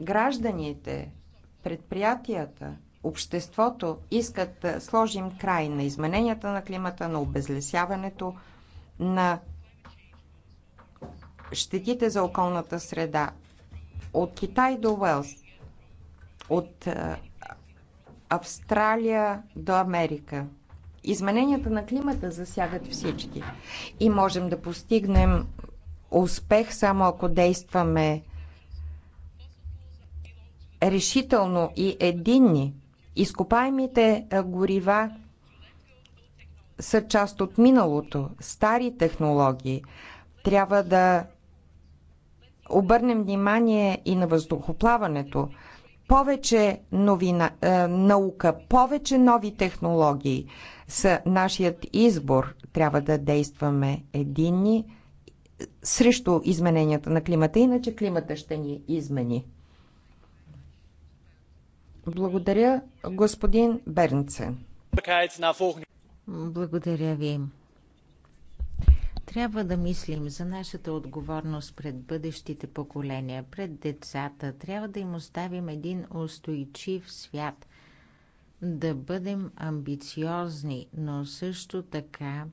гражданите, предприятията, обществото искат да сложим край на измененията на климата, на обезлесяването, на щетите за околната среда. От Китай до Уелс, от Австралия до Америка. Измененията на климата засягат всички. И можем да постигнем успех само ако действаме решително и единни. Изкопаемите горива са част от миналото, стари технологии. Трябва да обърнем внимание и на въздухоплаването. Повече новина, е, наука, повече нови технологии са нашият избор. Трябва да действаме единни срещу измененията на климата, иначе климата ще ни измени. Благодаря, господин Бернце. Благодаря ви. Трябва да мислим за нашата отговорност пред бъдещите поколения, пред децата. Трябва да им оставим един устойчив свят. Да бъдем амбициозни, но също така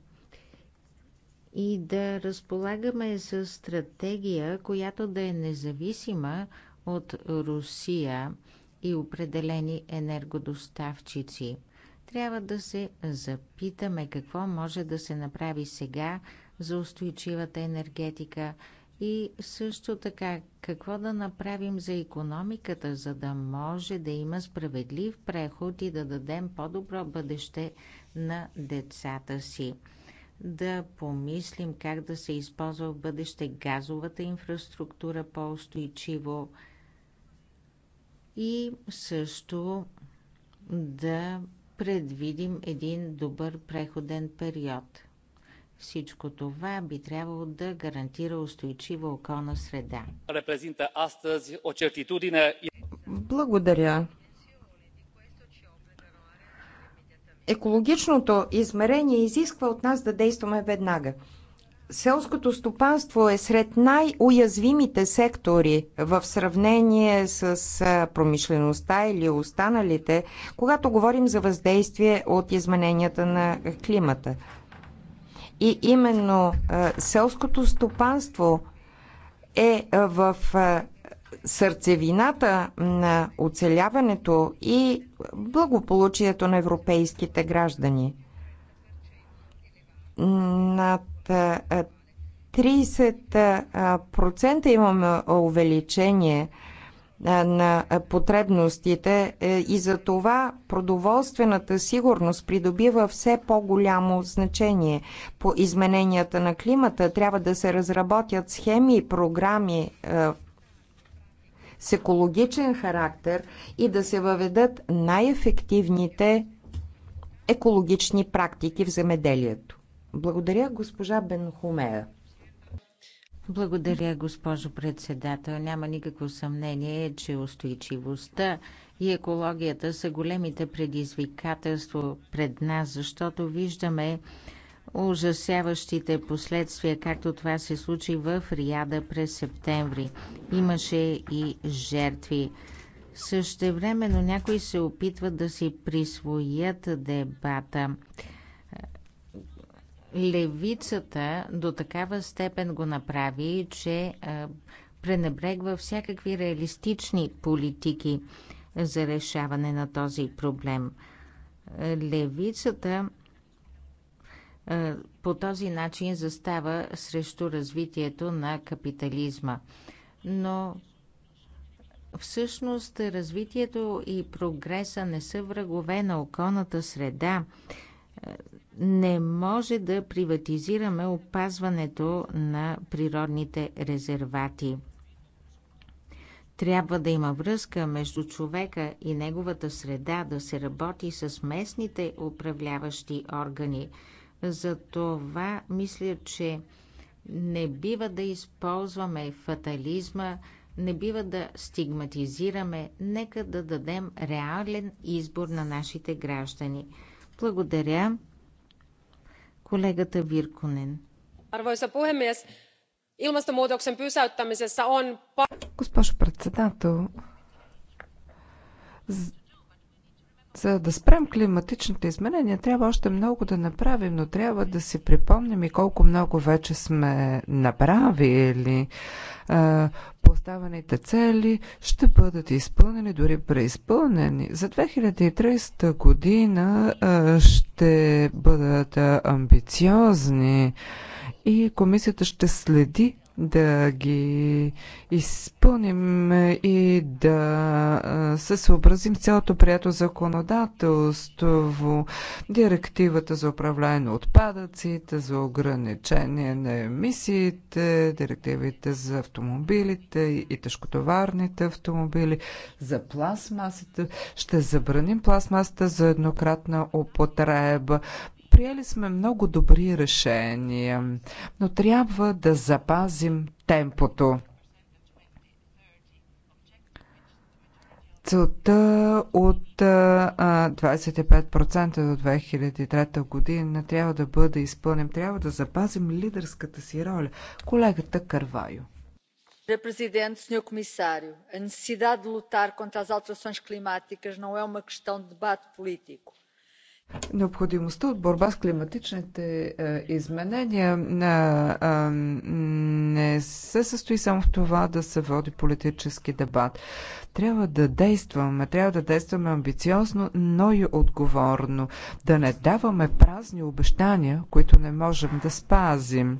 и да разполагаме с стратегия, която да е независима от Русия и определени енергодоставчици. Трябва да се запитаме какво може да се направи сега за устойчивата енергетика и също така какво да направим за економиката, за да може да има справедлив преход и да дадем по-добро бъдеще на децата си. Да помислим как да се използва в бъдеще газовата инфраструктура по-устойчиво, и също да предвидим един добър преходен период. Всичко това би трябвало да гарантира устойчива околна среда. Благодаря. Екологичното измерение изисква от нас да действаме веднага. Селското стопанство е сред най-уязвимите сектори в сравнение с промишлеността или останалите, когато говорим за въздействие от измененията на климата. И именно селското стопанство е в сърцевината на оцеляването и благополучието на европейските граждани. Над 30% имаме увеличение на потребностите е, и за това продоволствената сигурност придобива все по-голямо значение. По измененията на климата трябва да се разработят схеми и програми е, с екологичен характер и да се въведат най-ефективните екологични практики в земеделието. Благодаря, госпожа Бенхумея. Благодаря, госпожо председател. Няма никакво съмнение, че устойчивостта и екологията са големите предизвикателства пред нас, защото виждаме ужасяващите последствия, както това се случи в Риада през септември. Имаше и жертви. Същевременно някои се опитват да си присвоят дебата левицата до такава степен го направи, че пренебрегва всякакви реалистични политики за решаване на този проблем. Левицата по този начин застава срещу развитието на капитализма. Но всъщност развитието и прогреса не са врагове на околната среда не може да приватизираме опазването на природните резервати. Трябва да има връзка между човека и неговата среда, да се работи с местните управляващи органи. За това, мисля, че не бива да използваме фатализма, не бива да стигматизираме, нека да дадем реален избор на нашите граждани. Благодаря. Колегата Вирконен. Arvoisa puhemies, ilmastonmuutoksen pysäyttämisessä on... Госпожо председател, за да спрем климатичните изменения, трябва още много да направим, но трябва да си припомним и колко много вече сме направили. Поставените цели ще бъдат изпълнени, дори преизпълнени. За 2030 година ще бъдат амбициозни и комисията ще следи да ги изпълним и да се съобразим с цялото прието законодателство, директивата за управление на отпадъците, за ограничение на емисиите, директивите за автомобилите и тежкотоварните автомобили, за пластмасите. Ще забраним пластмасата за еднократна употреба. Приели сме много добри решения, но трябва да запазим темпото. целта от 25% до 2003 година трябва да бъде изпълнен. Трябва да запазим лидерската си роля. Колегата Карвайо. Senhor Presidente, Senhor Comissário, a necessidade de lutar contra as alterações climáticas não é uma questão de debate político Необходимостта от борба с климатичните е, изменения е, е, не се състои само в това да се води политически дебат. Трябва да действаме, трябва да действаме амбициозно, но и отговорно. Да не даваме празни обещания, които не можем да спазим.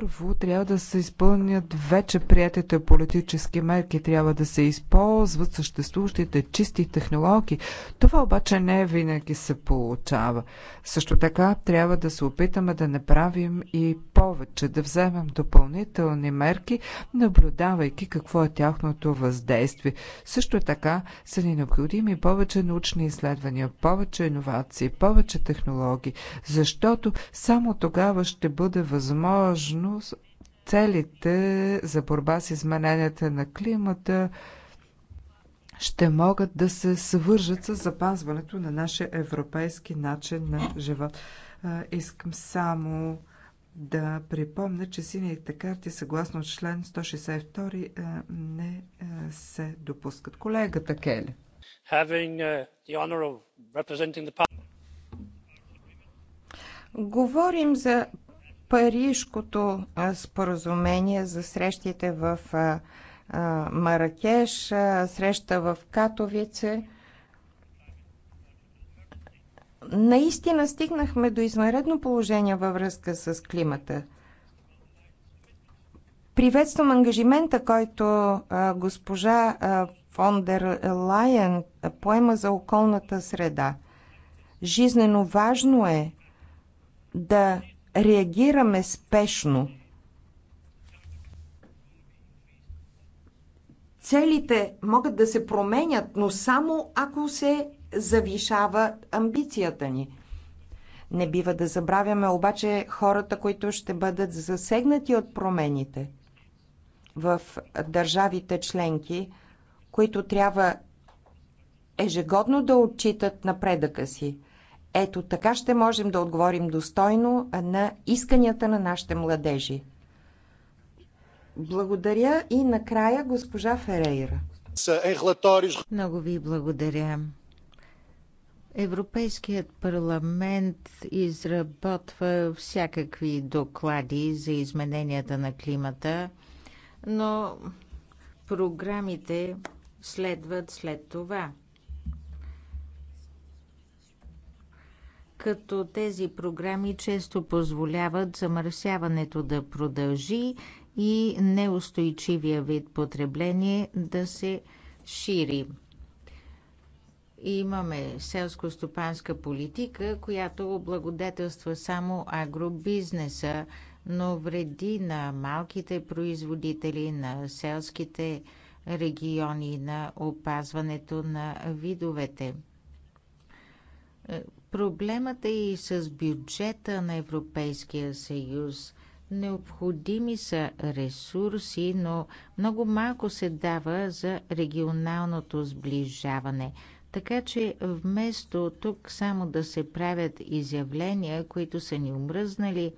Първо, трябва да се изпълнят вече приятите политически мерки, трябва да се използват съществуващите чисти технологии. Това обаче не винаги се получава. Също така, трябва да се опитаме да направим и повече, да вземем допълнителни мерки, наблюдавайки какво е тяхното въздействие. Също така са ни необходими повече научни изследвания, повече иновации, повече технологии, защото само тогава ще бъде възможно целите за борба с измененията на климата ще могат да се свържат с запазването на нашия европейски начин на живот. Искам само да припомня, че сините карти, съгласно член 162, е, не е, се допускат. Колегата Кели. Е, Говорим за Парижкото споразумение за срещите в Маракеш, среща в Катовице. Наистина стигнахме до извънредно положение във връзка с климата. Приветствам ангажимента, който госпожа фон дер Лайен поема за околната среда. Жизнено важно е да реагираме спешно. Целите могат да се променят, но само ако се завишава амбицията ни. Не бива да забравяме обаче хората, които ще бъдат засегнати от промените в държавите членки, които трябва ежегодно да отчитат напредъка си. Ето така ще можем да отговорим достойно на исканията на нашите младежи. Благодаря и накрая госпожа Ферейра. Е, Много ви благодаря. Европейският парламент изработва всякакви доклади за измененията на климата, но програмите следват след това. Като тези програми често позволяват замърсяването да продължи и неустойчивия вид потребление да се шири имаме селско-стопанска политика, която благодетелства само агробизнеса, но вреди на малките производители, на селските региони, на опазването на видовете. Е, Проблемът е и с бюджета на Европейския съюз. Необходими са ресурси, но много малко се дава за регионалното сближаване – така че вместо тук само да се правят изявления, които са ни умръзнали,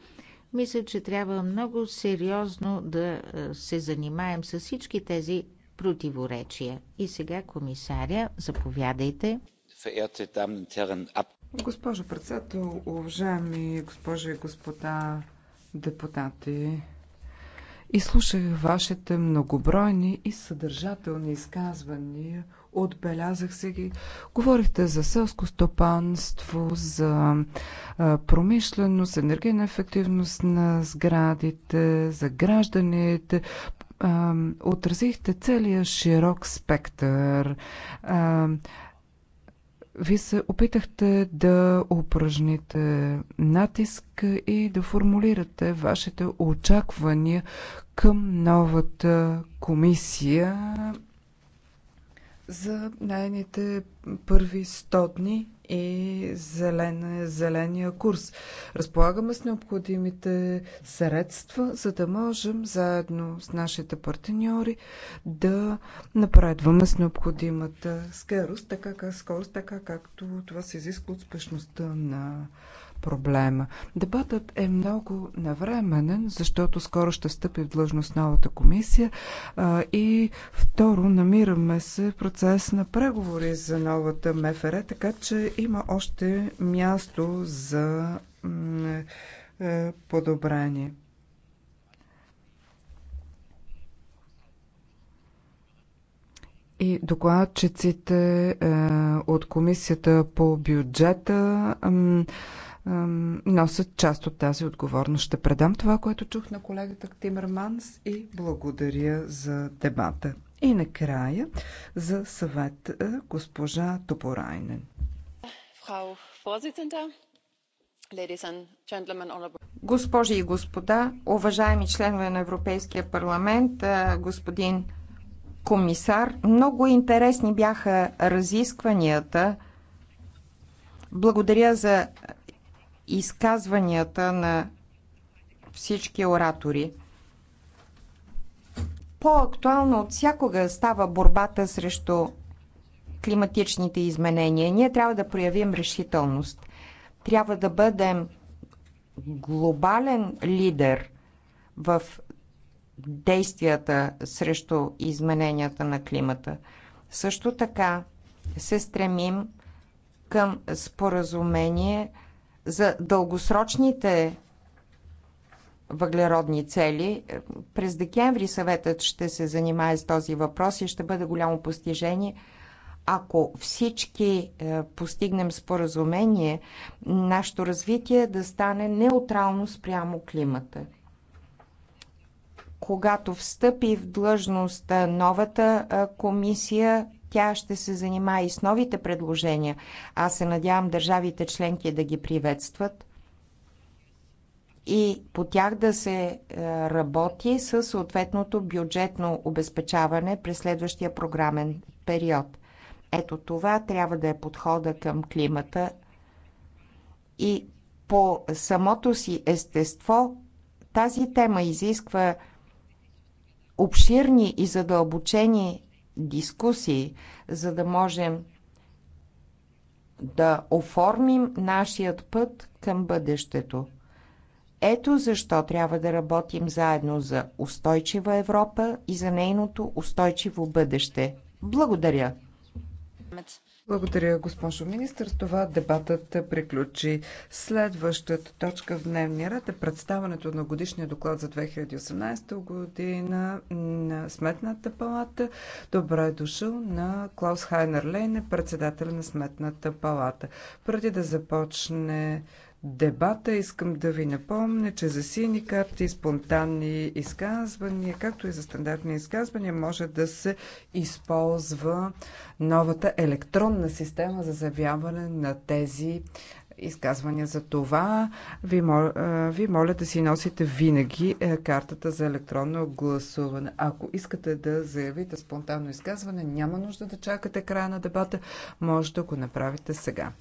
мисля, че трябва много сериозно да се занимаем с всички тези противоречия. И сега, комисаря, заповядайте. Госпожо председател, уважаеми госпожи и господа депутати, изслушах вашите многобройни и съдържателни изказвания Отбелязах се ги. Говорихте за селско стопанство, за промишленост, енергийна ефективност на сградите, за гражданите. Отразихте целия широк спектър. Ви се опитахте да упражните натиск и да формулирате вашите очаквания към новата комисия за нейните първи 100 дни и зелена, зеления курс. Разполагаме с необходимите средства, за да можем заедно с нашите партньори да напредваме с необходимата скорост, така, как, скорост, така както това се изисква от спешността на проблема. Дебатът е много навременен, защото скоро ще стъпи в длъжност новата комисия а, и второ, намираме се в процес на преговори за новата МФР, така че има още място за е, подобрение. И докладчиците е, от комисията по бюджета е, носят част от тази отговорност. Ще предам това, което чух на колегата Тимерманс и благодаря за дебата. И накрая за съвет е, госпожа Топорайнен. Госпожи и господа, уважаеми членове на Европейския парламент, е, господин комисар, много интересни бяха разискванията. Благодаря за изказванията на всички оратори. По-актуална от всякога става борбата срещу климатичните изменения. Ние трябва да проявим решителност. Трябва да бъдем глобален лидер в действията срещу измененията на климата. Също така се стремим към споразумение – за дългосрочните въглеродни цели. През декември съветът ще се занимае с този въпрос и ще бъде голямо постижение. Ако всички е, постигнем споразумение, нашето развитие да стане неутрално спрямо климата. Когато встъпи в длъжност е, новата е, комисия, тя ще се занимава и с новите предложения. Аз се надявам държавите членки да ги приветстват и по тях да се е, работи с съответното бюджетно обезпечаване през следващия програмен период. Ето това трябва да е подхода към климата и по самото си естество тази тема изисква обширни и задълбочени дискусии, за да можем да оформим нашият път към бъдещето. Ето защо трябва да работим заедно за устойчива Европа и за нейното устойчиво бъдеще. Благодаря! Благодаря, госпожо министр. С това дебатът приключи. Следващата точка в дневния ред е представането на годишния доклад за 2018 година на Сметната палата. Добре е дошъл на Клаус Хайнер Лейне, председател на Сметната палата. Преди да започне дебата, искам да ви напомня, че за сини карти, спонтанни изказвания, както и за стандартни изказвания, може да се използва новата електронна система за заявяване на тези изказвания. За това ви мол, ви моля да си носите винаги е, картата за електронно гласуване. Ако искате да заявите спонтанно изказване, няма нужда да чакате края на дебата, може да го направите сега.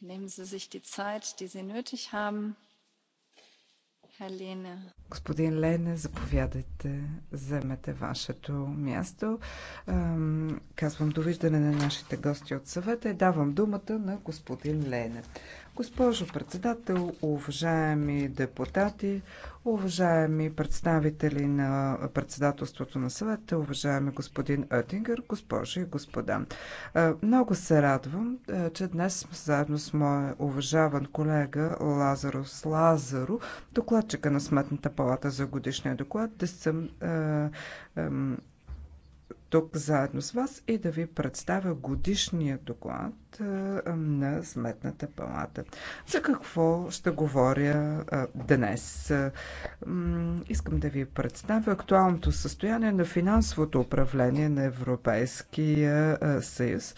Nehmen Sie sich die Zeit, die Sie nötig haben. Herr Господин Лене, заповядайте, вземете вашето място. Казвам довиждане на нашите гости от съвета и давам думата на господин Лене. Госпожо председател, уважаеми депутати, уважаеми представители на председателството на съвета, уважаеми господин Оттингър, госпожи и господа. Много се радвам, че днес заедно с моя уважаван колега Лазарос Лазаро, докладчика на Сметната палата за годишния доклад, да съм тук заедно с вас и да ви представя годишния доклад на Сметната палата. За какво ще говоря днес? Искам да ви представя актуалното състояние на финансовото управление на Европейския съюз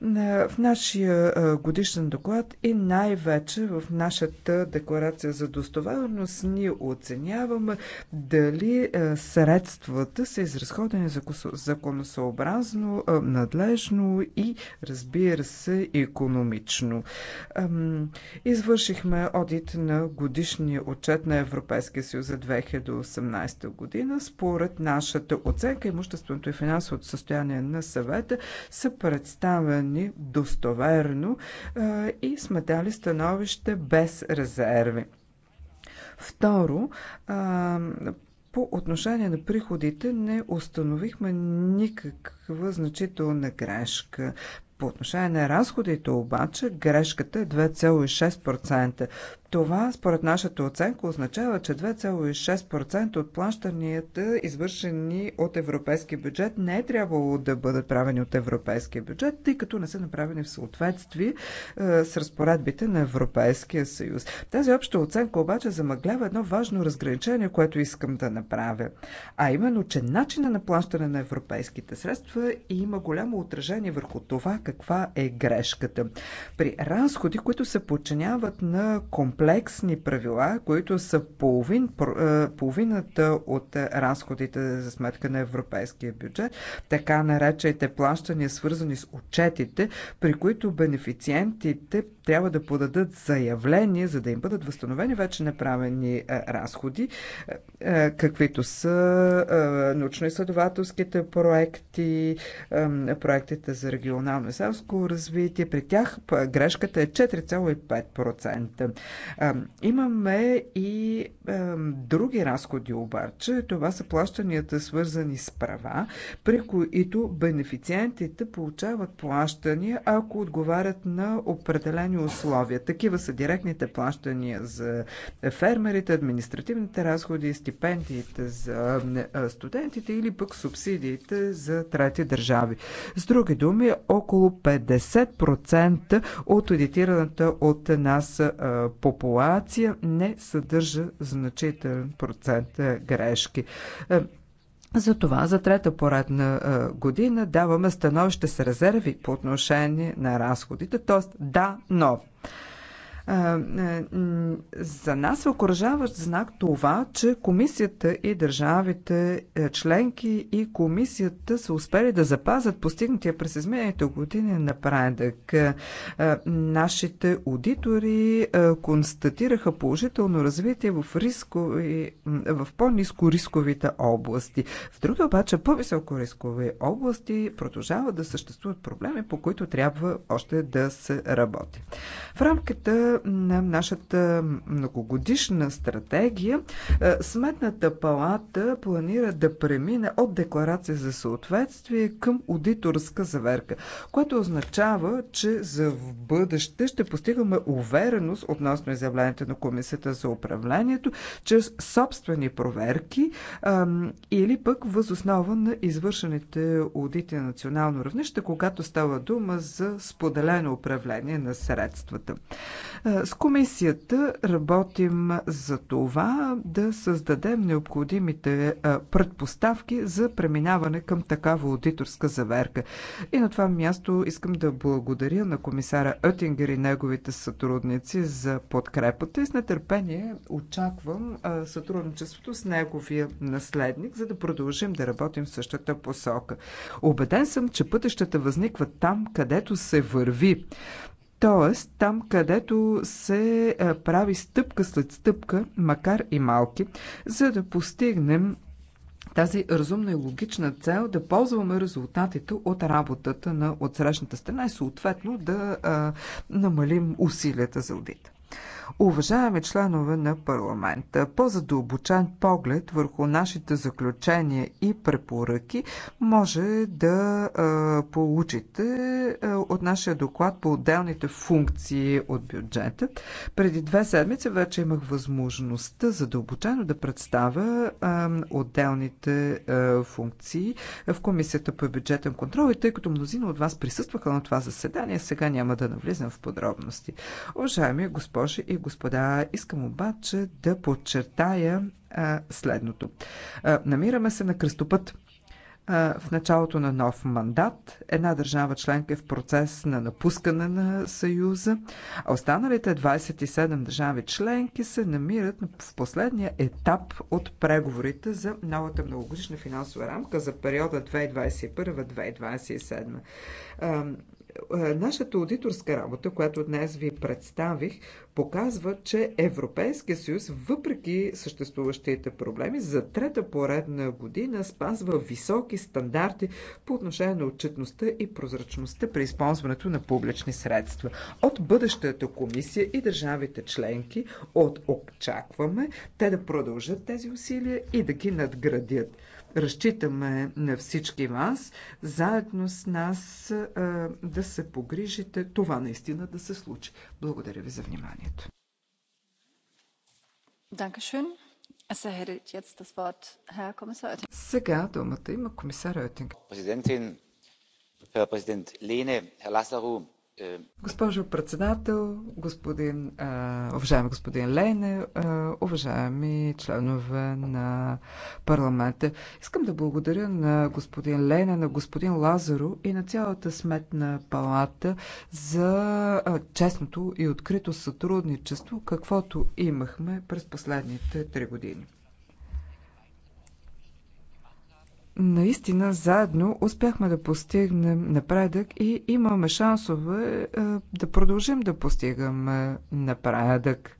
в нашия годишен доклад и най-вече в нашата декларация за достоверност ние оценяваме дали средствата са изразходени за законосъобразно, надлежно и, разбира се, економично. Извършихме одит на годишния отчет на Европейския съюз за 2018 година. Според нашата оценка, имущественото и финансовото състояние на съвета са представени достоверно и сме дали становище без резерви. Второ, по отношение на приходите не установихме никаква значителна грешка. По отношение на разходите обаче грешката е 2,6%. Това, според нашата оценка, означава, че 2,6% от плащанията, извършени от европейския бюджет, не е трябвало да бъдат правени от европейския бюджет, тъй като не са направени в съответствие е, с разпоредбите на Европейския съюз. Тази обща оценка обаче замъглява едно важно разграничение, което искам да направя. А именно, че начина на плащане на европейските средства има голямо отражение върху това каква е грешката. При разходи, които се подчиняват на комплекс комплексни правила, които са половин, е, половината от разходите за сметка на европейския бюджет, така наречените плащания, свързани с отчетите, при които бенефициентите трябва да подадат заявление, за да им бъдат възстановени вече направени е, разходи, е, каквито са научно-изследователските проекти, проектите за регионално и селско развитие. При тях грешката е 4,5%. Имаме и други разходи обаче. Това са плащанията свързани с права, при които бенефициентите получават плащания, ако отговарят на определени условия. Такива са директните плащания за фермерите, административните разходи, стипендиите за студентите или пък субсидиите за трети държави. С други думи, около 50% от аудитираната от нас по популация не съдържа значителен процент е, грешки. Е, затова за трета поредна е, година даваме становище с резерви по отношение на разходите, т.е. да, но. За нас е окоръжаващ знак това, че комисията и държавите е, членки и комисията са успели да запазят постигнатия през изминалите години напредък. Нашите аудитори констатираха положително развитие в, рискови, в по-низко рисковите области. В други обаче по-високо рискови области продължават да съществуват проблеми, по които трябва още да се работи. В рамката на нашата многогодишна стратегия е, Сметната палата планира да премине от декларация за съответствие към аудиторска заверка, което означава, че за в бъдеще ще постигаме увереност относно изявлението на Комисията за управлението чрез собствени проверки или пък възоснова на извършените аудити на национално равнище, когато става дума за споделено управление на средствата. Е, с комисията работим за това да създадем необходимите е, предпоставки за преминаване към такава аудиторска заверка. И на това място искам да благодаря на комисара Оттингер и неговите сътрудници за подкрепата и с нетърпение очаквам е, сътрудничеството с неговия наследник, за да продължим да работим в същата посока. Обеден съм, че пътищата възникват там, където се върви. Тоест, там където се е, прави стъпка след стъпка, макар и малки, за да постигнем тази разумна и логична цел да ползваме резултатите от работата на отсрещната страна и съответно да а, намалим усилията за аудита. Уважаеми членове на парламента, по-задълбочен поглед върху нашите заключения и препоръки може да получите от нашия доклад по отделните функции от бюджета. Преди две седмици вече имах възможността задълбочено да представя отделните функции в Комисията по бюджетен контрол и тъй като мнозина от вас присъстваха на това заседание, сега няма да навлизам в подробности. Уважаеми госпожи и и господа, искам обаче да подчертая а, следното. А, намираме се на кръстопът в началото на нов мандат. Една държава членка е в процес на напускане на Съюза, а останалите 27 държави членки се намират в последния етап от преговорите за новата многогодишна финансова рамка за периода 2021-2027. Е, нашата аудиторска работа, която днес ви представих, показва, че Европейския съюз, въпреки съществуващите проблеми, за трета поредна година спазва високи стандарти по отношение на отчетността и прозрачността при използването на публични средства. От бъдещата комисия и държавите членки от очакваме те да продължат тези усилия и да ги надградят. Разчитаме на всички вас, заедно с нас да се погрижите това наистина да се случи. Благодаря ви за вниманието. Сега думата има комисар Оттинг. Президентин, президент Лене, Herr Lazarou, е, Госпожо председател, господин, уважаеми господин Лейне, уважаеми членове на парламента, искам да благодаря на господин Лейне, на господин Лазаро и на цялата сметна палата за честното и открито сътрудничество, каквото имахме през последните три години. наистина заедно успяхме да постигнем напредък и имаме шансове е, да продължим да постигаме напредък.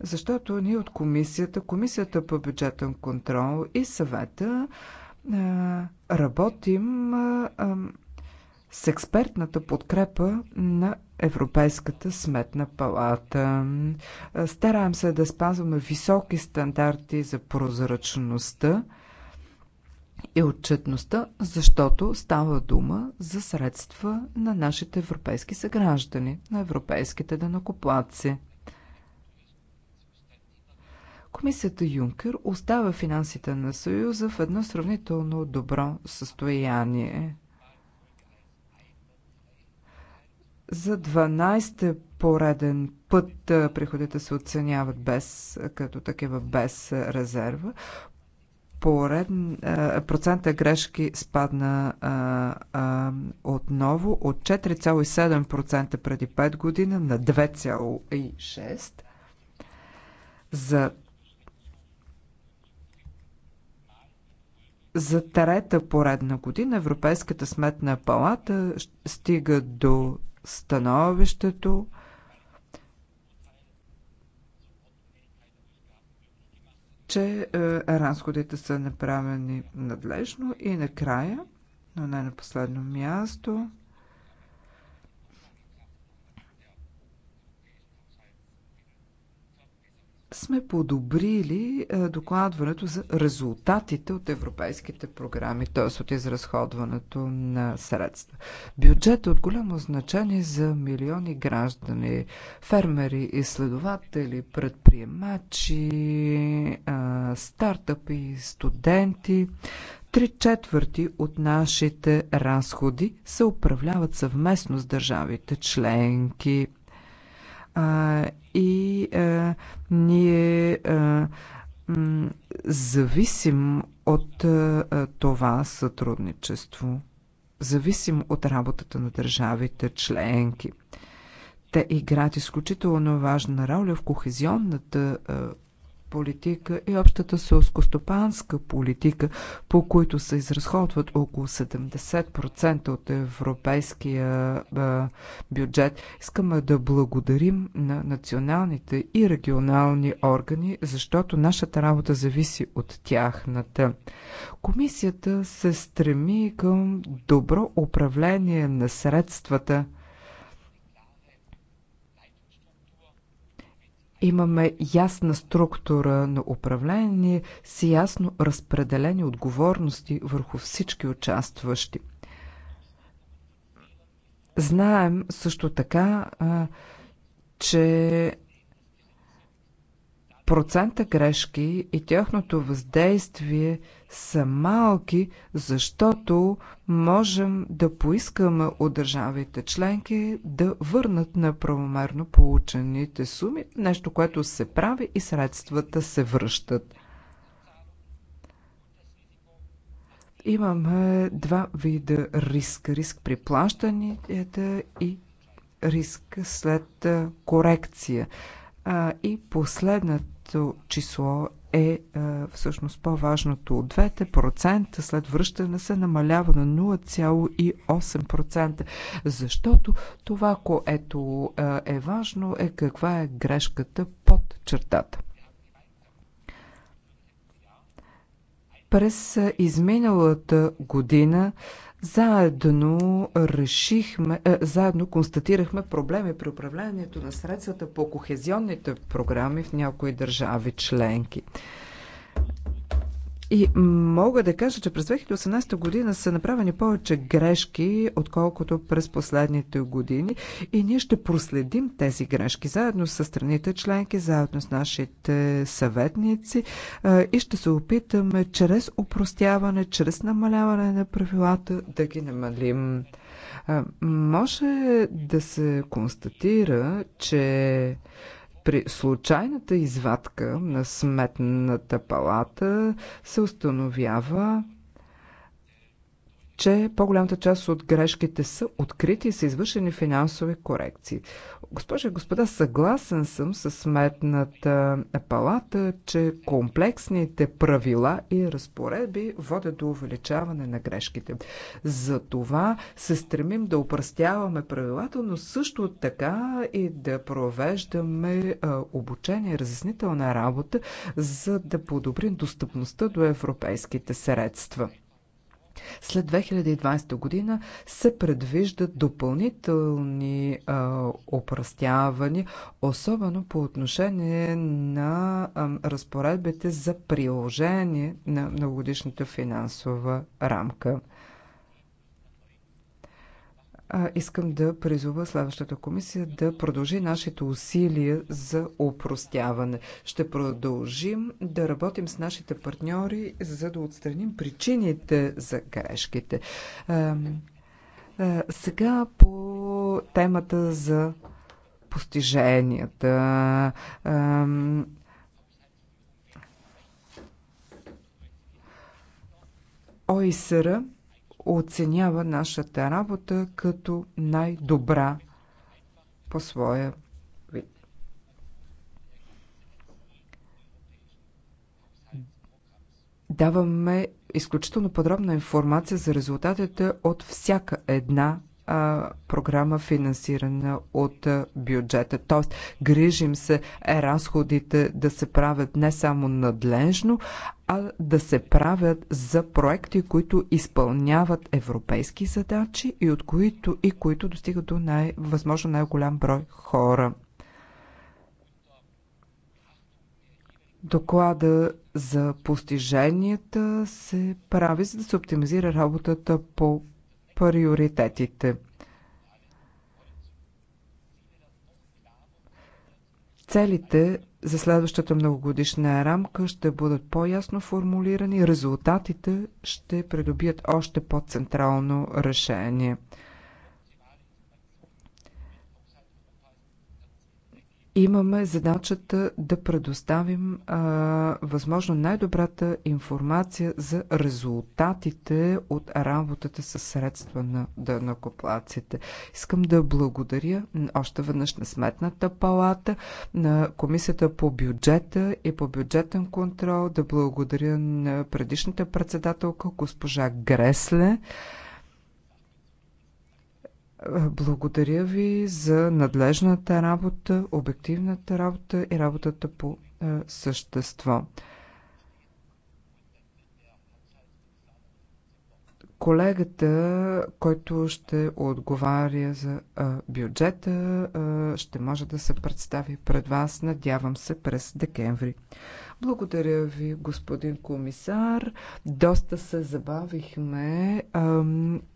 Защото ние от комисията, комисията по бюджетен контрол и съвета е, работим е, с експертната подкрепа на Европейската сметна палата. Стараем се да спазваме високи стандарти за прозрачността и е отчетността, защото става дума за средства на нашите европейски съграждани, на европейските данакоплатци. Комисията Юнкер остава финансите на Съюза в едно сравнително добро състояние. За 12-те пореден път приходите се оценяват без, като такива без резерва поред, процента грешки спадна а, а, отново от 4,7% преди 5 години на 2,6%. За За трета поредна година Европейската сметна палата стига до становището, че е, разходите са направени надлежно и накрая, но не на последно място, сме подобрили е, докладването за резултатите от европейските програми, т.е. от изразходването на средства. Бюджет е от голямо значение за милиони граждани, фермери, изследователи, предприемачи, е, стартъпи, студенти. Три четвърти от нашите разходи се управляват съвместно с държавите членки и а, е, ние а, е, зависим от а, е, това сътрудничество. Зависим от работата на държавите членки. Те играят изключително важна роля в кохезионната а, политика и е общата селскостопанска политика, по които се изразходват около 70% от европейския бюджет. Искаме да благодарим на националните и регионални органи, защото нашата работа зависи от тяхната. Комисията се стреми към добро управление на средствата – имаме ясна структура на управление с ясно разпределени отговорности върху всички участващи. Знаем също така, че процента грешки и тяхното въздействие са малки, защото можем да поискаме от държавите членки да върнат неправомерно получените суми, нещо, което се прави и средствата се връщат. Имаме два вида риск. Риск при плащанията и риск след корекция. А, и последната Първото число е, е всъщност по-важното от двете. Процента след връщане се намалява на 0,8%. Защото това, което е, е важно, е каква е грешката под чертата. През е, изминалата година заедно решихме, е, заедно констатирахме проблеми при управлението на средствата по кохезионните програми в някои държави членки. И мога да кажа, че през 2018 година са направени повече грешки, отколкото през последните години. И ние ще проследим тези грешки заедно с страните членки, заедно с нашите съветници и ще се опитаме чрез упростяване, чрез намаляване на правилата да ги намалим. Може да се констатира, че при случайната извадка на сметната палата се установява че по-голямата част от грешките са открити и са извършени финансови корекции. Госпожа и господа, съгласен съм с сметната палата, че комплексните правила и разпоредби водят до увеличаване на грешките. За това се стремим да упростяваме правилата, но също така и да провеждаме обучение, разяснителна работа, за да подобрим достъпността до европейските средства. След 2020 година се предвиждат допълнителни опростявания, особено по отношение на а, разпоредбите за приложение на многогодишната финансова рамка а, искам да призова следващата комисия да продължи нашите усилия за упростяване. Ще продължим да работим с нашите партньори, за да отстраним причините за грешките. А, а, сега по темата за постиженията. А, ОИСР оценява нашата работа като най-добра по своя вид. Даваме изключително подробна информация за резултатите от всяка една а, програма финансирана от а, бюджета. Тоест, грижим се е разходите да се правят не само надлежно, а да се правят за проекти, които изпълняват европейски задачи и от които и които достигат до най, възможно най-голям брой хора. Доклада за постиженията се прави, за да се оптимизира работата по приоритетите. Целите за следващата многогодишна рамка ще бъдат по-ясно формулирани, резултатите ще придобият още по-централно решение. имаме задачата да предоставим а, възможно най-добрата информация за резултатите от работата с средства на дънакоплаците. Искам да благодаря още веднъж на Сметната палата, на Комисията по бюджета и по бюджетен контрол, да благодаря на предишната председателка госпожа Гресле. Благодаря ви за надлежната работа, обективната работа и работата по е, същество. колегата, който ще отговаря за е, бюджета, е, ще може да се представи пред вас, надявам се, през декември. Благодаря ви, господин комисар. Доста се забавихме а,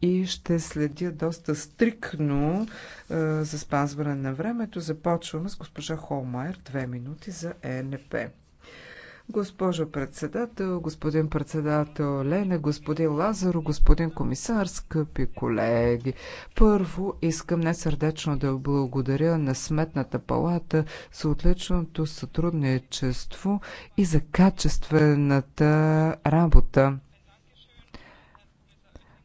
и ще следя доста стрикно а, за спазване на времето. Започваме с госпожа Холмайер. Две минути за ЕНП. Госпожо председател, господин председател Лене, господин Лазаро, господин комисар, скъпи колеги. Първо искам несърдечно да благодаря на Сметната палата за отличното сътрудничество и за качествената работа.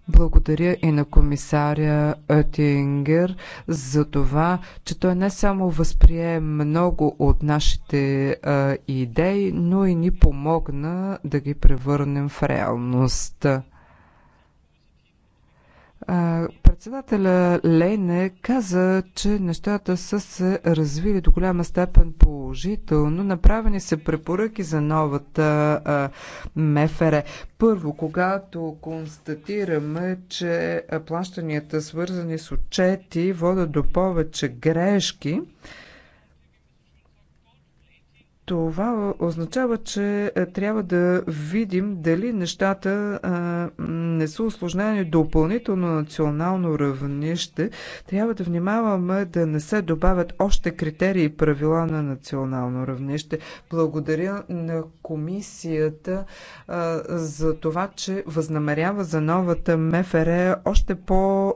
Благодаря и на комисаря Оттингер за това, че той не само възприе много от нашите а, идеи, но и ни помогна да ги превърнем в реалност Председателя Лейне каза, че нещата са се развили до голяма степен положително. Направени са препоръки за новата а, МФР. Първо, когато констатираме, че плащанията свързани с отчети водят до повече грешки, това означава, че е, трябва да видим дали нещата е, не са осложнени допълнително национално равнище. Трябва да внимаваме да не се добавят още критерии и правила на национално равнище. Благодаря на комисията е, за това, че възнамерява за новата МФР още по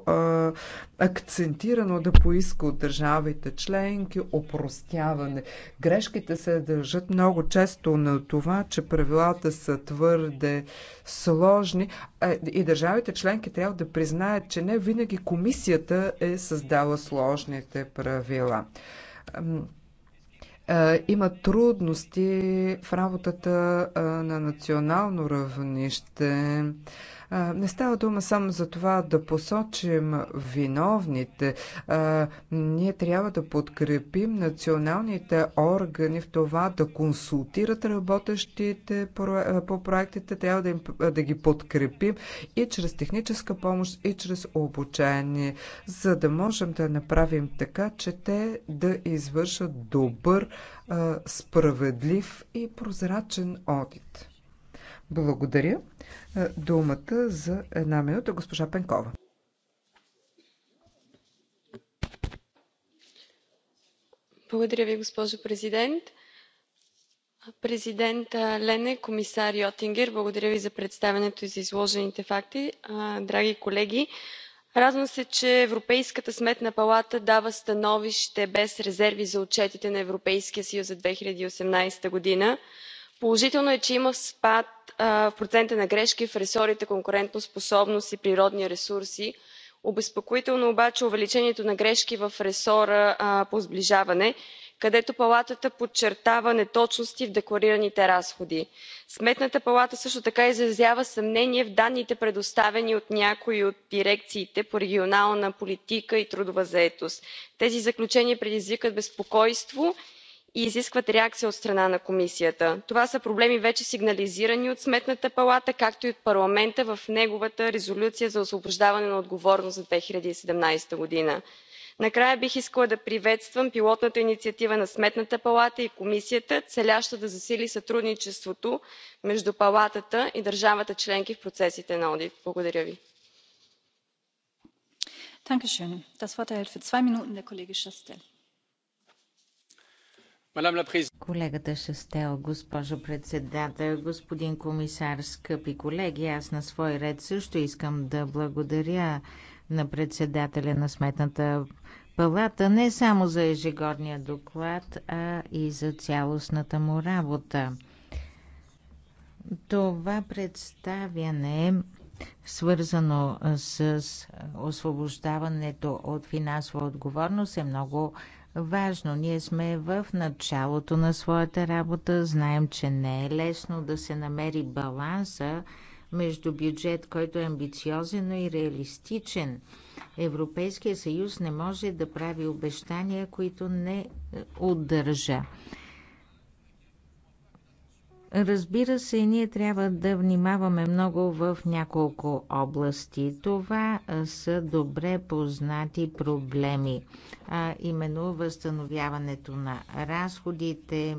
акцентирано да поиска от държавите членки опростяване. Грешките се държат много често на това, че правилата са твърде сложни и държавите членки трябва да признаят, че не винаги комисията е създала сложните правила има трудности в работата на национално равнище. Не става дума само за това да посочим виновните. Ние трябва да подкрепим националните органи в това да консултират работещите по проектите, трябва да, им, да ги подкрепим и чрез техническа помощ, и чрез обучение, за да можем да направим така, че те да извършат добър, справедлив и прозрачен одит. Благодаря. Е, думата за една минута госпожа Пенкова. Благодаря ви, госпожо президент. Президент Лене, комисар Йотингер, благодаря ви за представенето и за изложените факти. Драги колеги, радвам се че европейската сметна палата дава становище без резерви за отчетите на европейския съюз за 2018 година положително е че има спад в процента на грешки в ресорите конкурентоспособност и природни ресурси. обезпокоително обаче е увеличението на грешки в ресора по сближаване където палатата подчертава неточности в декларираните разходи. сметната палата също така изразява съмнение в данните предоставени от някои от дирекциите по регионална политика и трудова заетост. тези заключения предизвикват безпокойство и изискват реакция от страна на комисията. това са проблеми вече сигнализирани от сметната палата както и от парламента в неговата резолюция за освобождаване от отговорност за. две хиляди и година накрая бих искала да приветствам пилотната инициатива на сметната палата и комисията целяща да засили сътрудничеството между палатата и държавата членки в процесите на одит. благодаря ви. Колегата Шастел, госпожо председател, господин комисар, скъпи колеги, аз на свой ред също искам да благодаря на председателя на Сметната палата не само за ежегодния доклад, а и за цялостната му работа. Това представяне, свързано с освобождаването от финансова отговорност, е много важно. Ние сме в началото на своята работа. Знаем, че не е лесно да се намери баланса между бюджет, който е амбициозен, но и реалистичен. Европейския съюз не може да прави обещания, които не е, удържа. Разбира се, ние трябва да внимаваме много в няколко области. Това са добре познати проблеми, а именно възстановяването на разходите,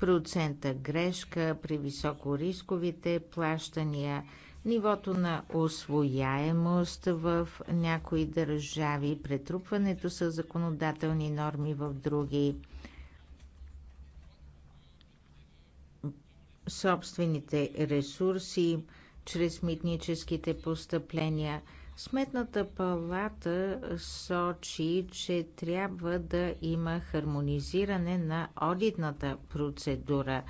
процента грешка при високорисковите плащания, нивото на освояемост в някои държави, претрупването с законодателни норми в други. собствените ресурси, чрез митническите постъпления. Сметната палата сочи, че трябва да има хармонизиране на одитната процедура.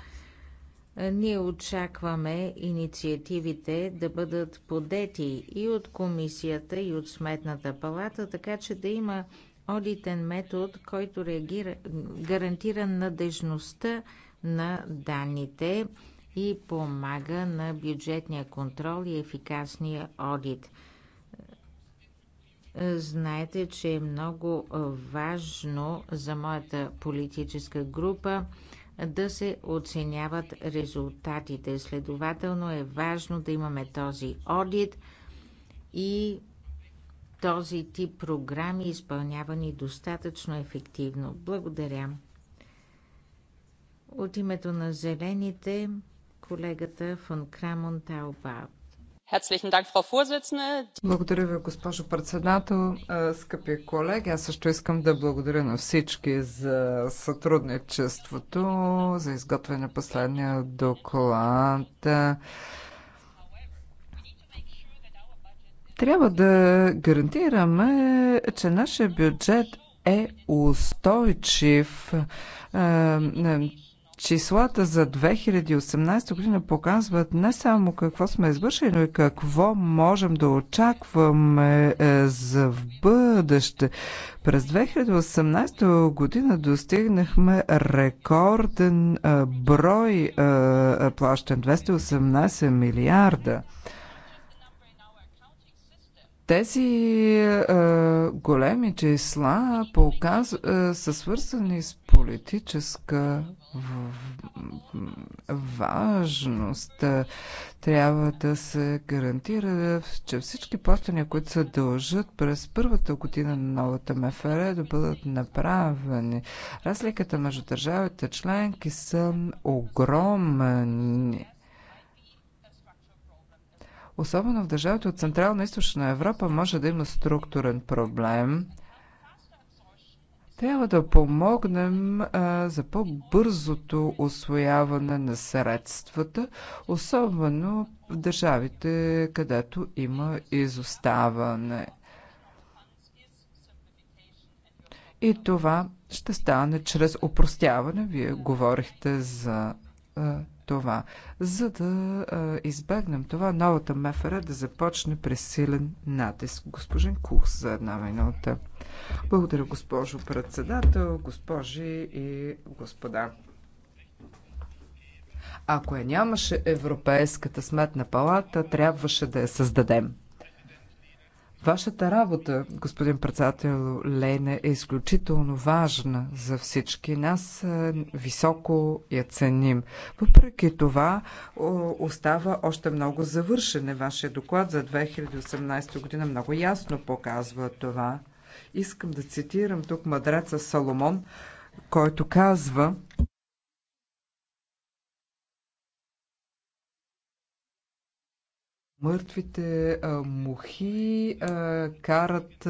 Ние очакваме инициативите да бъдат подети и от комисията, и от Сметната палата, така че да има одитен метод, който реагира, гарантира надежността на данните и помага на бюджетния контрол и ефикасния одит. Знаете, че е много важно за моята политическа група да се оценяват резултатите. Следователно е важно да имаме този одит и този тип програми, изпълнявани достатъчно ефективно. Благодаря. От името на зелените колегата фон Крамон Таубаб. Благодаря ви, госпожо председател. Скъпи колеги, аз също искам да благодаря на всички за сътрудничеството, за изготвяне на последния доклад. Трябва да гарантираме, че нашия бюджет е устойчив. Числата за 2018 година показват не само какво сме извършили, но и какво можем да очакваме е, за в бъдеще. През 2018 година достигнахме рекорден е, брой е, плащан 218 милиарда. Тези е, големи числа показ, е, са свързани с политическа важност. Трябва да се гарантира, че всички плащания, които се дължат през първата година на новата МФР, да бъдат направени. Разликата между държавите членки са огромни особено в държавите от Централна и Източна Европа, може да има структурен проблем. Трябва да помогнем а, за по-бързото освояване на средствата, особено в държавите, където има изоставане. И това ще стане чрез опростяване. Вие говорихте за а, това, за да избегнем това новата мефера да започне през силен натиск. Госпожен Кухс за една минута. Благодаря, госпожо председател, госпожи и господа. Ако я нямаше Европейската сметна палата, трябваше да я създадем. Вашата работа, господин председател Лейне, е изключително важна за всички нас. Е, високо я ценим. Въпреки това, остава още много завършене. Вашия доклад за 2018 година много ясно показва това. Искам да цитирам тук мадреца Саломон, който казва, Мъртвите а, мухи а, карат а,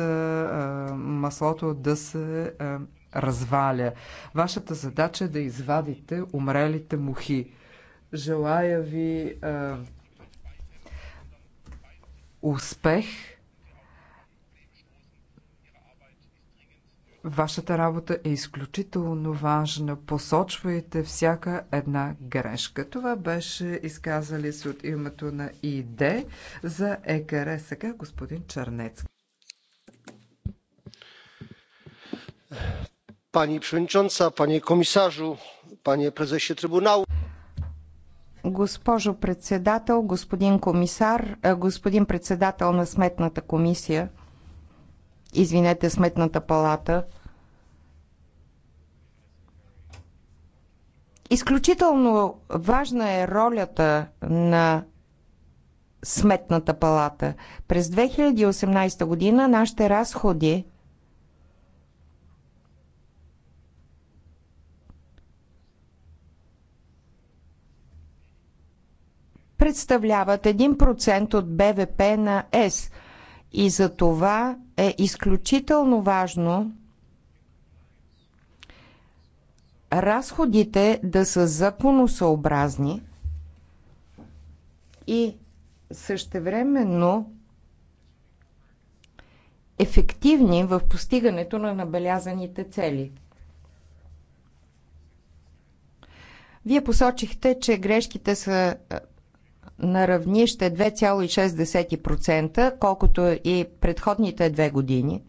маслото да се а, разваля. Вашата задача е да извадите умрелите мухи. Желая ви а, успех! Вашата работа е изключително важна. Посочвайте всяка една грешка. Това беше изказали се от името на ИД за ЕКР. Сега господин Чернец. Пани przewodnicząca, пани комисажу, пани prezesie трибунал. Госпожо председател, господин комисар, е, господин председател на Сметната комисия, извинете, Сметната палата, Изключително важна е ролята на Сметната палата. През 2018 година нашите разходи представляват 1% от БВП на ЕС – и за това е изключително важно разходите да са законосъобразни и същевременно ефективни в постигането на набелязаните цели. Вие посочихте, че грешките са на равнище 2,6%, колкото и предходните две години.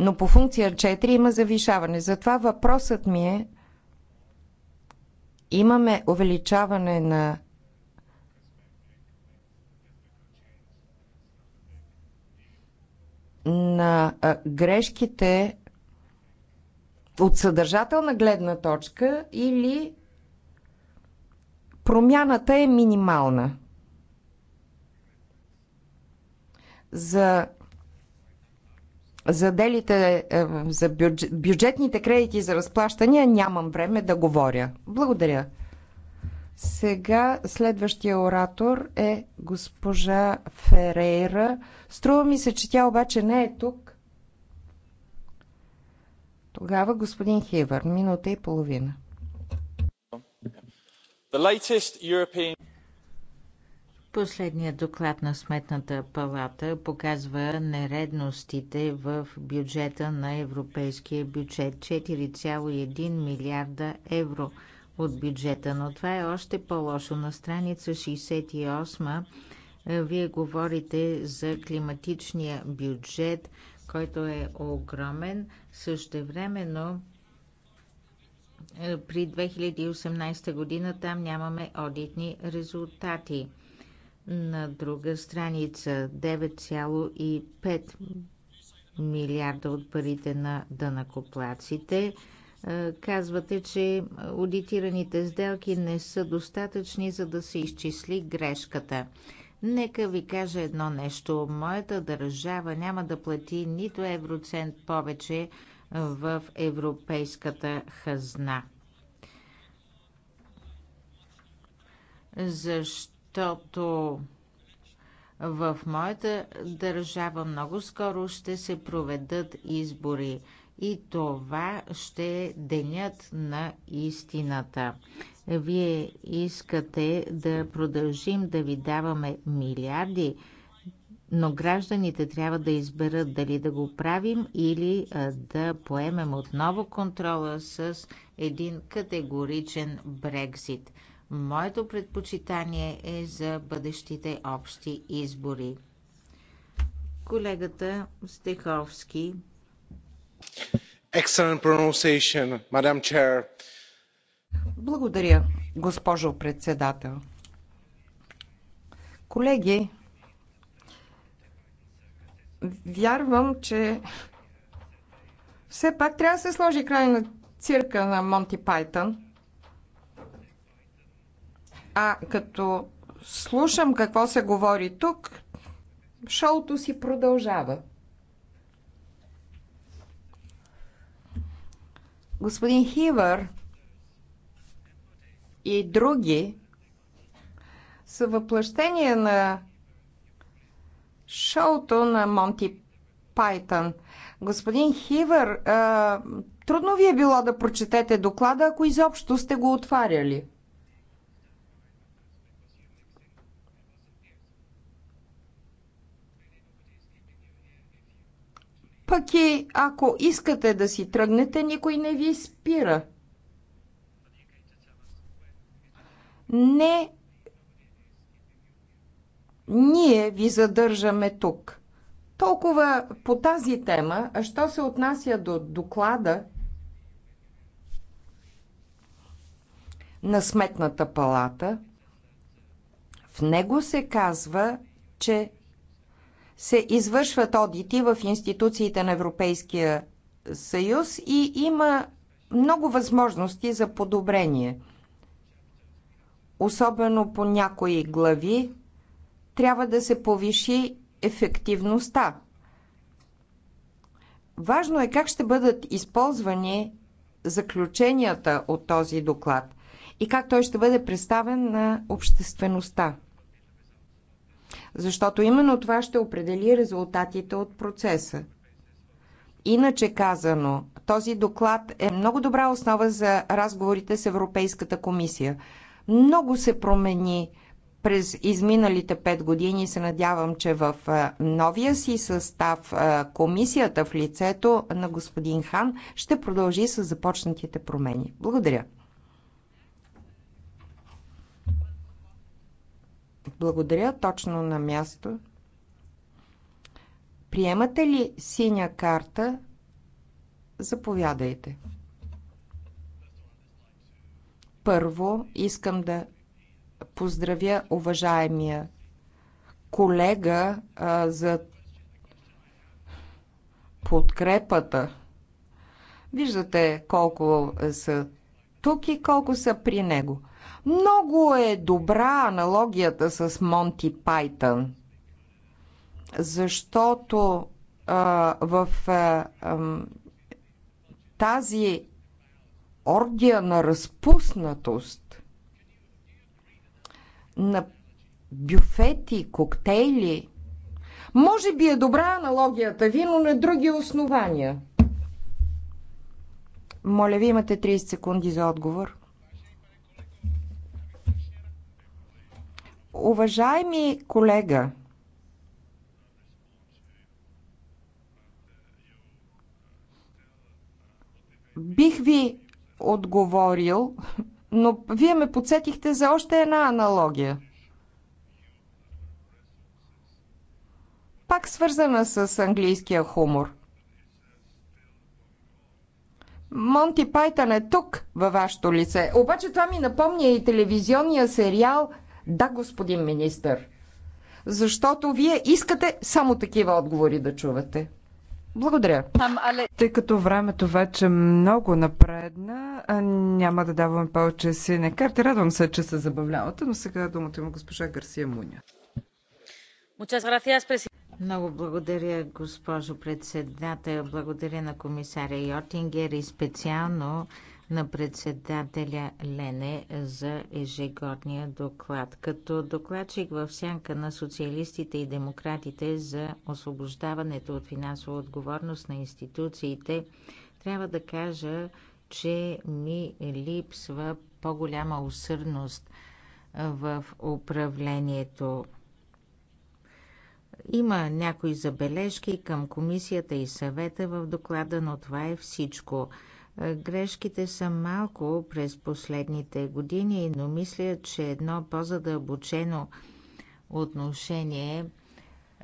Но по функция 4 има завишаване. Затова въпросът ми е, имаме увеличаване на на грешките от съдържателна гледна точка или Промяната е минимална. За за делите, е, за бюджетните кредити за разплащания нямам време да говоря. Благодаря. Сега следващия оратор е госпожа Ферейра. Струва ми се, че тя обаче не е тук. Тогава господин Хивър, минута и половина. Последният доклад на Сметната палата показва нередностите в бюджета на европейския бюджет 4,1 милиарда евро от бюджета, но това е още по-лошо. На страница 68 е, вие говорите за климатичния бюджет, който е огромен. Също времено при 2018 година там нямаме одитни резултати. На друга страница 9,5 милиарда от парите на дънакоплаците. Е, казвате, че аудитираните сделки не са достатъчни, за да се изчисли грешката. Нека ви кажа едно нещо. Моята държава няма да плати нито евроцент повече в европейската хазна. Защото в моята държава много скоро ще се проведат избори и това ще е денят на истината. Вие искате да продължим да ви даваме милиарди, но гражданите трябва да изберат дали да го правим или да поемем отново контрола с един категоричен Брекзит. Моето предпочитание е за бъдещите общи избори. Колегата Стеховски. Excellent pronunciation, Madam Chair. Благодаря, госпожо председател. Колеги, Вярвам, че все пак трябва да се сложи край на цирка на Монти Пайтън. А като слушам какво се говори тук, шоуто си продължава. Господин Хивър и други са въплъщение на шоуто на Монти Пайтън. Господин Хивър, а, трудно ви е било да прочетете доклада, ако изобщо сте го отваряли. Пък и ако искате да си тръгнете, никой не ви спира. Не ние ви задържаме тук. Толкова по тази тема, а що се отнася до доклада на Сметната палата, в него се казва, че се извършват одити в институциите на Европейския съюз и има много възможности за подобрение. Особено по някои глави трябва да се повиши ефективността. Важно е как ще бъдат използвани заключенията от този доклад и как той ще бъде представен на обществеността. Защото именно това ще определи резултатите от процеса. Иначе казано, този доклад е много добра основа за разговорите с Европейската комисия. Много се промени през изминалите пет години се надявам, че в новия си състав комисията в лицето на господин Хан ще продължи с започнатите промени. Благодаря. Благодаря точно на място. Приемате ли синя карта? Заповядайте. Първо искам да поздравя уважаемия колега а, за подкрепата. Виждате колко са тук и колко са при него. Много е добра аналогията с Монти Пайтън, защото а, в а, а, тази ордия на разпуснатост на бюфети, коктейли. Може би е добра аналогията ви, но на други основания. Моля ви, имате 30 секунди за отговор. Уважаеми колега, бих ви отговорил, но вие ме подсетихте за още една аналогия. Пак свързана с английския хумор. Монти Пайтън е тук във вашето лице. Обаче това ми напомня и телевизионния сериал Да, господин министър. Защото вие искате само такива отговори да чувате. Благодаря. Тъй като времето вече много напредна, няма да давам повече сине карти. Радвам се, че се забавлявате, но сега думата има госпожа Гарсия Муня. Много благодаря, госпожо председател. Благодаря на комисаря Йотингер и специално на председателя Лене за ежегодния доклад. Като докладчик в сянка на социалистите и демократите за освобождаването от финансова отговорност на институциите, трябва да кажа, че ми липсва по-голяма усърдност в управлението. Има някои забележки към комисията и съвета в доклада, но това е всичко. Е, грешките са малко през последните години, но мисля, че едно по-задълбочено отношение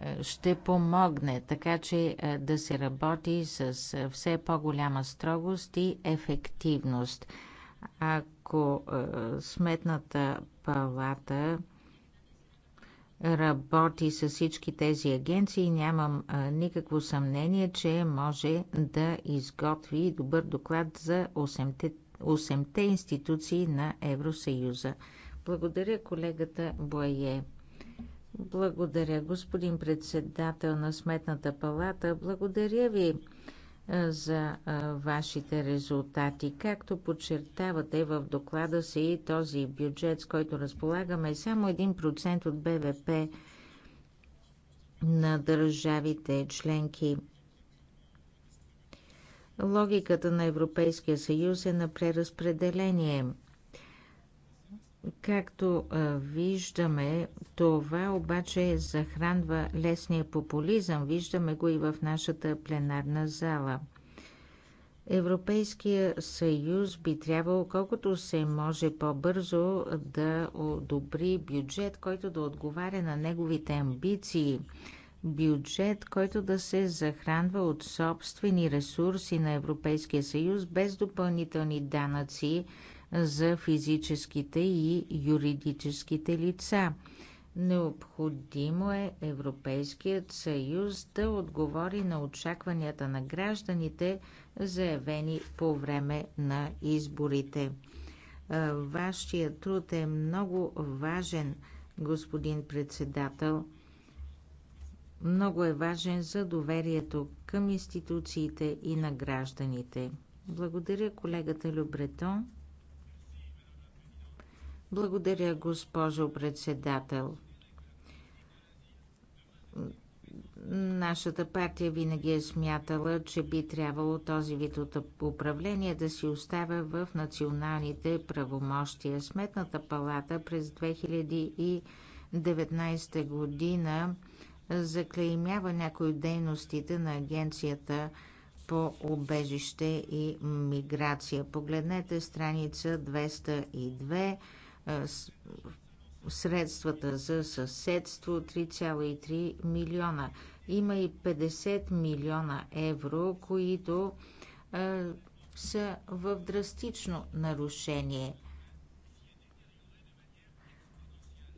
е, ще помогне, така че е, да се работи с все по-голяма строгост и ефективност. Ако сметната палата работи с всички тези агенции. Нямам никакво съмнение, че може да изготви добър доклад за 8-те, 8-те институции на Евросъюза. Благодаря колегата Бое. Благодаря, господин председател на Сметната палата. Благодаря ви за вашите резултати. Както подчертавате в доклада си и този бюджет, с който разполагаме, е само 1% от БВП на държавите членки. Логиката на Европейския съюз е на преразпределение – Както виждаме, това обаче захранва лесния популизъм. Виждаме го и в нашата пленарна зала. Европейския съюз би трябвало колкото се може по-бързо да одобри бюджет, който да отговаря на неговите амбиции. Бюджет, който да се захранва от собствени ресурси на Европейския съюз без допълнителни данъци за физическите и юридическите лица. Необходимо е Европейският съюз да отговори на очакванията на гражданите, заявени по време на изборите. Вашият труд е много важен, господин председател. Много е важен за доверието към институциите и на гражданите. Благодаря колегата Любретон. Благодаря, госпожо председател. Нашата партия винаги е смятала, че би трябвало този вид от управление да си оставя в националните правомощия. Сметната палата през 2019 година заклеймява някои дейностите на агенцията по обежище и миграция. Погледнете страница 202 средствата за съседство 3,3 милиона. Има и 50 милиона евро, които е, са в драстично нарушение.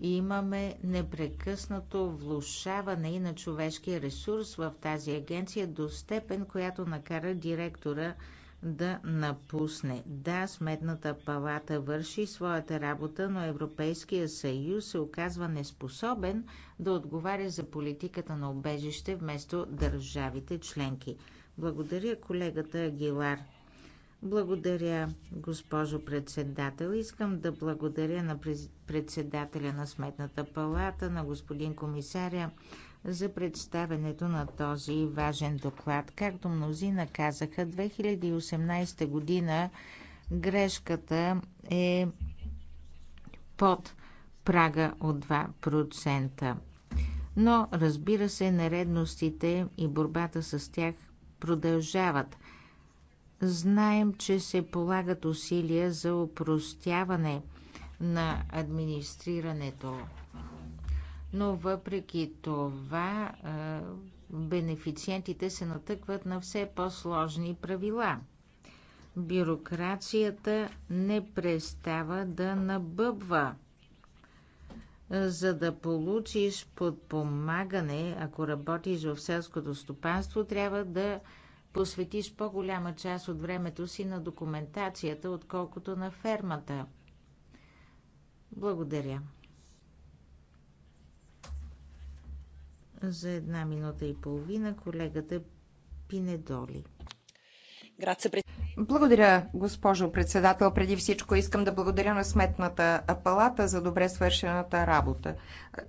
Имаме непрекъснато влушаване и на човешкия ресурс в тази агенция до степен, която накара директора да напусне. Да, Сметната палата върши своята работа, но Европейския съюз се оказва неспособен да отговаря за политиката на обежище вместо държавите членки. Благодаря колегата Агилар. Благодаря, госпожо председател. Искам да благодаря на председателя на Сметната палата, на господин комисаря за представенето на този важен доклад. Както мнозина казаха, 2018 година грешката е под прага от 2%. Но, разбира се, нередностите и борбата с тях продължават. Знаем, че се полагат усилия за упростяване на администрирането но въпреки това бенефициентите се натъкват на все по-сложни правила. Бюрокрацията не престава да набъбва. За да получиш подпомагане, ако работиш в селското стопанство, трябва да посветиш по-голяма част от времето си на документацията, отколкото на фермата. Благодаря. За една минута и половина колегата Пинедоли. Благодаря, госпожо председател. Преди всичко искам да благодаря на Сметната палата за добре свършената работа.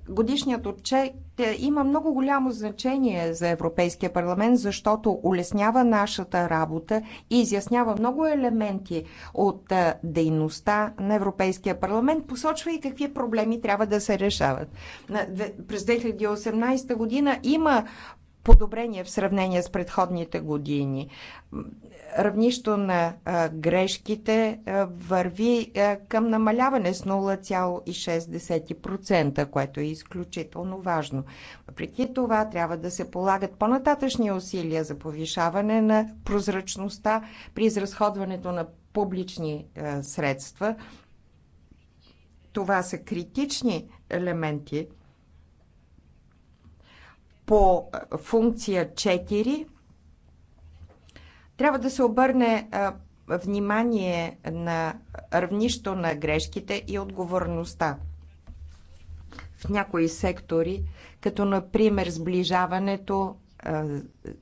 Годишният отчет е, има много голямо значение за Европейския парламент, защото улеснява нашата работа и изяснява много елементи от е, дейността на Европейския парламент, посочва и какви проблеми трябва да се решават. През 2018 година има подобрение в сравнение с предходните години. Равнището на грешките върви към намаляване с 0,6%, което е изключително важно. Въпреки това трябва да се полагат по-нататъчни усилия за повишаване на прозрачността при изразходването на публични средства. Това са критични елементи по функция 4 трябва да се обърне внимание на равнището на грешките и отговорността в някои сектори, като например сближаването,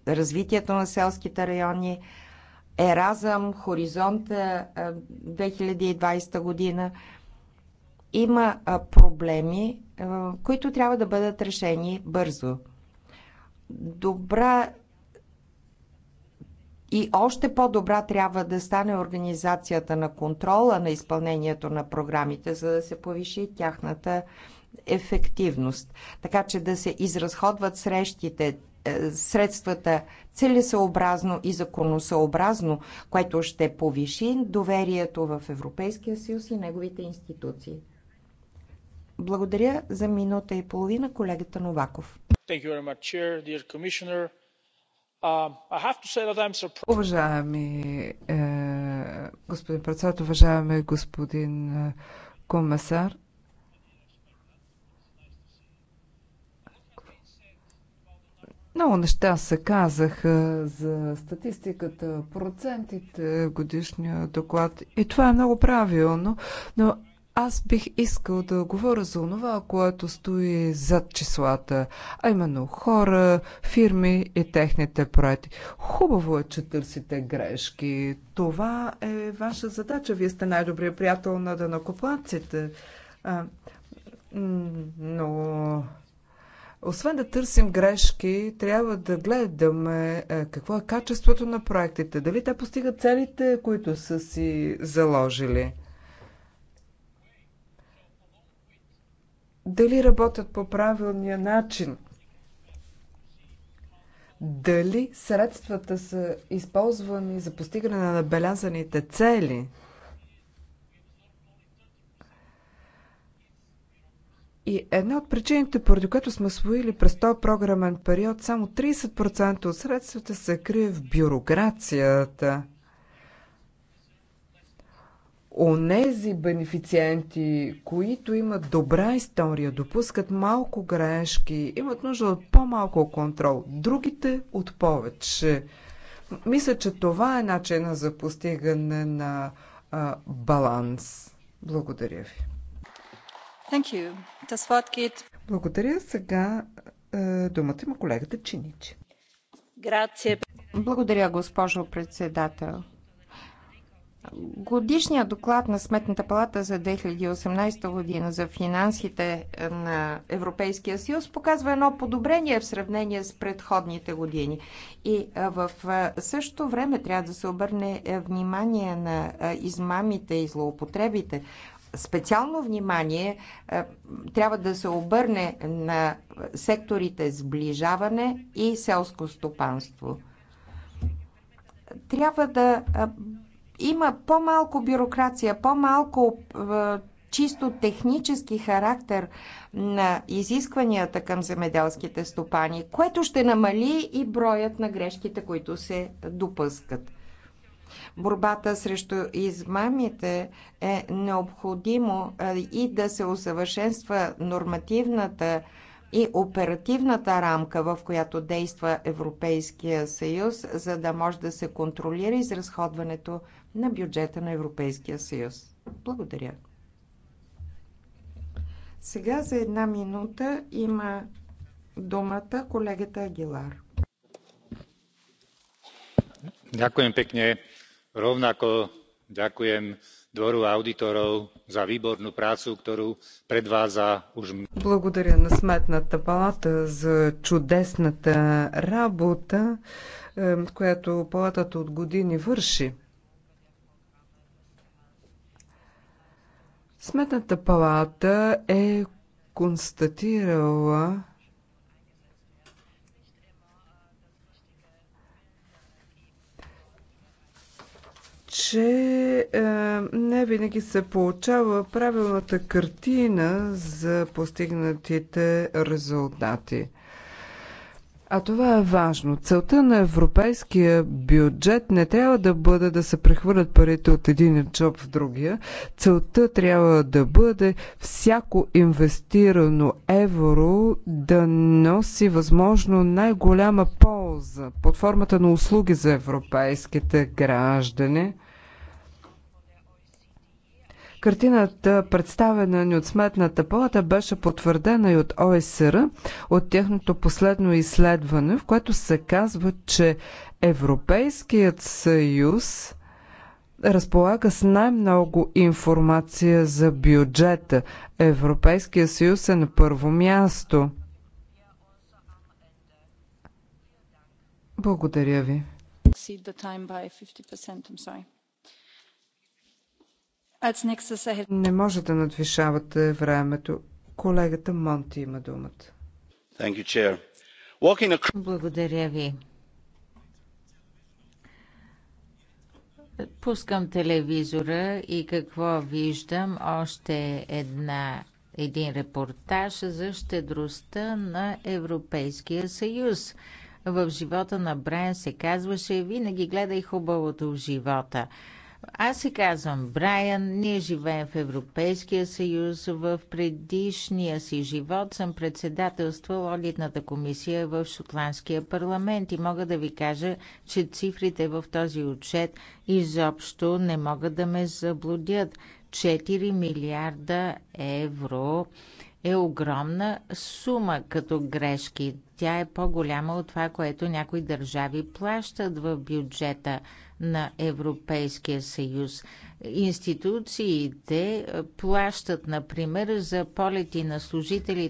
развитието на селските райони, Еразъм, Хоризонт 2020 година, има проблеми, които трябва да бъдат решени бързо добра и още по-добра трябва да стане организацията на контрола на изпълнението на програмите, за да се повиши тяхната ефективност. Така че да се изразходват срещите, е, средствата целесъобразно и законосъобразно, което ще повиши доверието в Европейския съюз и неговите институции. Благодаря за минута и половина колегата Новаков. Um, уважаеми е, господин председател, уважаеми господин е, комисар, Много неща се казаха за статистиката, процентите, годишния доклад и това е много правилно, но аз бих искал да говоря за онова, което стои зад числата, а именно хора, фирми и техните проекти. Хубаво е, че търсите грешки. Това е ваша задача. Вие сте най-добрият приятел на данакоплаците. Но освен да търсим грешки, трябва да гледаме какво е качеството на проектите, дали те постигат целите, които са си заложили. дали работят по правилния начин, дали средствата са използвани за постигане на набелязаните цели. И една от причините, поради което сме освоили през този програмен период, само 30% от средствата се крие в бюрокрацията – онези бенефициенти, които имат добра история, допускат малко грешки, имат нужда от по-малко контрол, другите от повече. Мисля, че това е начина за постигане на а, баланс. Благодаря ви. Thank you. Das Wort geht... Благодаря. Сега е, думата има колегата Чиничи. Благодаря, госпожо председател. Годишният доклад на Сметната палата за 2018 година за финансите на Европейския съюз показва едно подобрение в сравнение с предходните години. И в същото време трябва да се обърне е, внимание на измамите и злоупотребите. Специално внимание трябва да се обърне на секторите сближаване и селско стопанство. Трябва да има по-малко бюрокрация, по-малко е, чисто технически характер на изискванията към земеделските стопани, което ще намали и броят на грешките, които се допускат. Борбата срещу измамите е необходимо е, и да се усъвършенства нормативната и оперативната рамка, в която действа Европейския съюз, за да може да се контролира изразходването на бюджета на Европейския съюз. Благодаря. Сега за една минута има думата колегата Агилар. Ďakujem pekne. Rovnako ďakujem двору аудиторов за výbornú prácu, ktorú predvádza už... Благодаря на Сметната палата за чудесната работа, която палатата от години върши. Сметната палата е констатирала, че е, не винаги се получава правилната картина за постигнатите резултати. А това е важно. Целта на европейския бюджет не трябва да бъде да се прехвърлят парите от един джоб в другия. Целта трябва да бъде всяко инвестирано евро да носи възможно най-голяма полза под формата на услуги за европейските граждани Картината, представена ни от Сметната палата, беше потвърдена и от ОСР, от тяхното последно изследване, в което се казва, че Европейският съюз разполага с най-много информация за бюджета. Европейския съюз е на първо място. Благодаря ви. Не може да надвишавате времето. Колегата Монти има думата. Благодаря ви. Пускам телевизора и какво виждам? Още една, един репортаж за щедростта на Европейския съюз. В живота на Брайан се казваше, винаги гледай хубавото в живота. Аз се казвам Брайан, ние живеем в Европейския съюз. В предишния си живот съм председателствал олитната комисия в Шотландския парламент и мога да ви кажа, че цифрите в този отчет изобщо не могат да ме заблудят. 4 милиарда евро е огромна сума като грешки. Тя е по-голяма от това, което някои държави плащат в бюджета – на Европейския съюз. Институциите плащат, например, за полети на служителите